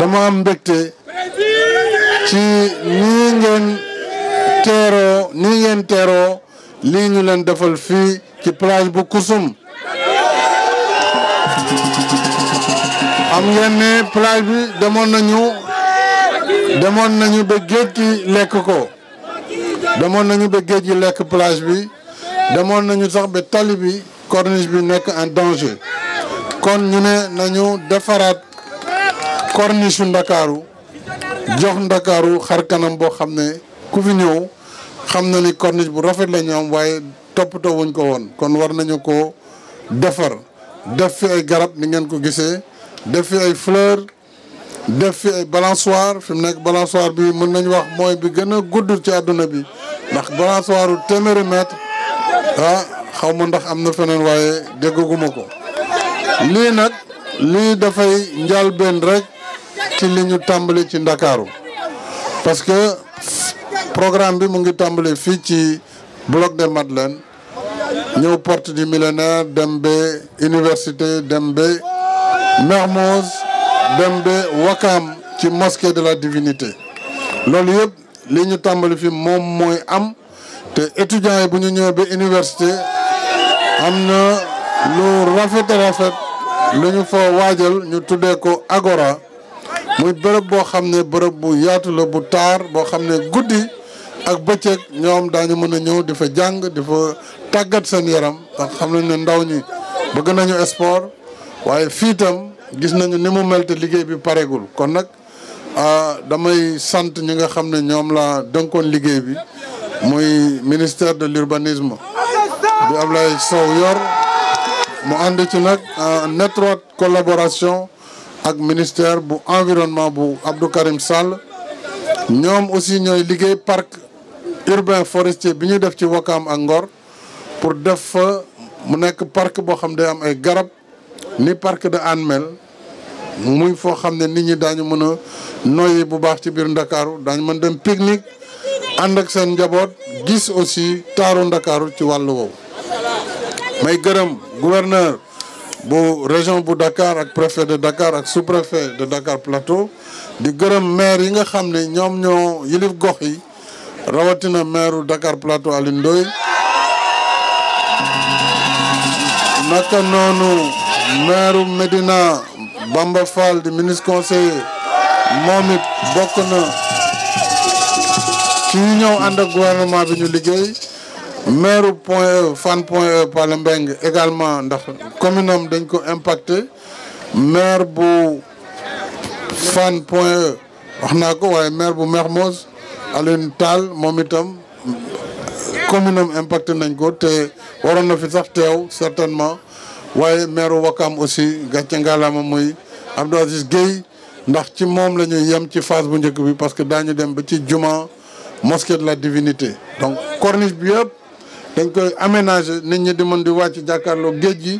dama am mbégte ci nii ngeen teeroo nii ngeen teeroo lii ñu leen defal fii ci plage bu Kusum am ngeen ne plage bi demoon nañu demoon nañu ba géej gi lekk ko demoon nañu ba géej gi lekk plage bi demoon nañu sax ba tali bi corniche bi nekk en danger kon ñu ne nañu defaraat corniche ndakaaru jox ndakaaru xar kanam boo xam ne ku fi ñëw xam na ni corniche bu rafet la ñu waaye toppatoo wuñ ko woon kon war nañu ko defar def fi ay garab ni ngeen ko gisee def fi ay fleur def fi ay balançoire fi mu nekk bi mën nañu wax mooy bi gën a gudd ci àdduna bi ndax balançoire u téeméeri mètre ah, xaw ma ndax am na feneen waaye déggaguma ko lii nag lii dafay njalbeen rek ci li ñu tàmbali ci Ndakaaru parce que programme bi mu ngi tàmbali fii ci bloc des Madeleines ñëw porte du millénaire dem ba université dem ba Mermoz dem ba Wakam ci mosquée de la divinité loolu yëpp li ñu tàmbali fi moom mooy am te étudiants yi bu ñu ñëwee ba université am na lu rafet a rafet lu ñu fa waajal ñu tuddee ko Agora muy bërëb boo xam ne bërëb bu yaatu bu taar boo xam ne guddi ak bëccëg ñoom daañu mën a ñëw di fa jàng di fa tàggat seen yaram ndax xam nañ ne ndaw ñi bëgg nañu sport waaye fii tam gis nañu ni mu mel liggéey bi pareegul kon nag ah, damay sant ñi nga xam ne ñoom laa dënkoon liggéey bi muy ministère de l'urbanisme bi Ablaye Sow yor mu ànd ci nag ah, en étroite collaboration ak ministère bu environnement bu Abdou Karim Sall ñoom aussi ñooy liggéey parc urbain forestier bi ñu def ci Wakaam ak Ngor pour def fa mu nekk parc boo xam day am ay garab ni parc de Hann mel muy foo xam ne nit ñi daañu mën a noyyi bu baax ci biir Ndakaaru daañ mën dem pique ànd ak seen njaboot gis aussi taaru Ndakaaru ci wàll woowu may gërëm gouverneur bu région bu Dakar ak préfet de Dakar ak sous-préfet de Dakar Plateau di gërëm maire yi nga xam ne ñoom ñoo yilif gox yi rawatina maire Dakar Plateau Alioune Ndoye naka noonu maire Medina Bamba Fall di ministre conseiller moom bokk na ci ñëw ànd ak gouvernement bi ñu liggéey maire point e fan point e Pala Mbengue également ndax commune am dañ ko impacté maire bu fan point e wax naa ko waaye maire bu Mermoz Alioune Tall moom itam commune am impacté nañ ko te waroon na fi sax teew certainement waaye maire Wakam aussi gàcce ngalaama muy Abdou Aziz Guèye ndax ci moom lañuy ñuy ci phase bu njëkk bi parce que daañu dem ba ci juma mosquée de la divinité donc corniche bi yëpp dañ koy aménager nit ñi di mën di wàcc jàkkaarloo géej gi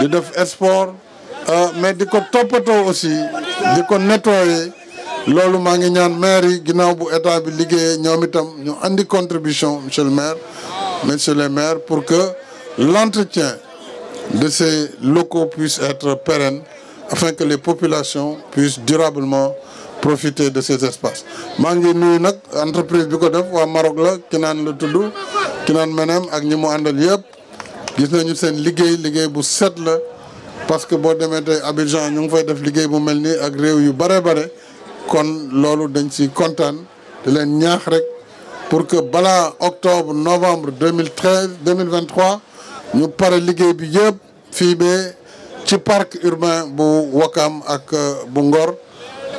di def sport euh, mais di ko toppatoo aussi di ko nettoyer loolu maa ngi ñaan maire yi ginnaaw bu état bi liggéeyee ñoom itam ñu indi contribution monsieur le maire monsieur le maire pour que l'entretien de ces locaux puisse être pérenne afin que les populations puissent durablement profiter de ces espaces maa ngi nuyu nag entreprise bi ko def waa Maroc la Kinaan la tudd Kinan Menem ak ñu mu àndal yëpp gis nañu seen liggéey liggéey bu set la parce que boo demee tey Abidjan ñu ngi fay def liggéey bu mel ni ak réew yu bare bare kon loolu dañ ci kontaan di leen ñaax rek pour que bala octobre novembre 2013 2023 ñu pare liggéey bi yëpp fii bee ci parc urbain bu Wakam ak euh, bu Ngor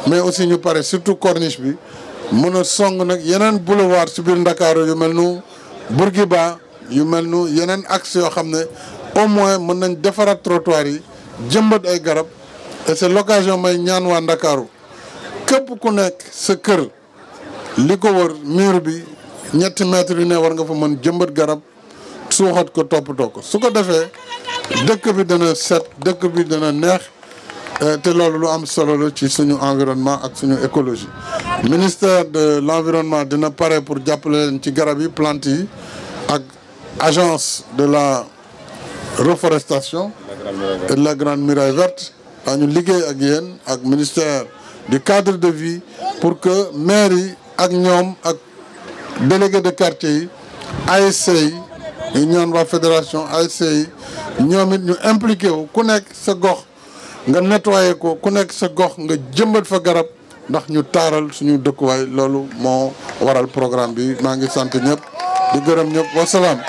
mais aussi ñu pare surtout corniche bi mën song nag yeneen boulevard ci biir Ndakaaru yu mel nu Bourguiba yu mel nu yeneen axe yoo xam ne au moins mën nañ defaraat trottoir yi jëmbat ay garab et c'est may ñaan waa Ndakaaru képp ku nekk sa kër li ko wër mur bi ñetti mètres yu ne war nga fa mën jëmbat garab suuxat ko toppatoo ko su ko defee dëkk bi dana set dëkk bi dana neex Euh, te loolu lu am solo la ci suñu environnement ak suñu écologie ministère de l'environnement dina pare pour jàppale leen ci garab yi plante ak agence de la reforestation et de la Grande Muraille Verte dañu liggéey ak yéen ak ministère du cadre de vie pour que maire yi ak ñoom ak délégué de quartier yi ASC yi ñaan waa fédération ASC yi ñoom it ñu impliqué wu ku nekk sa gox nga nettoyé ko ku nekk sa gox nga jëmbat fa garab ndax ñu taaral suñu dëkkuwaay loolu moo waral programme bi maa ngi sant ñëpp du gërëm ñëpp wasalaam.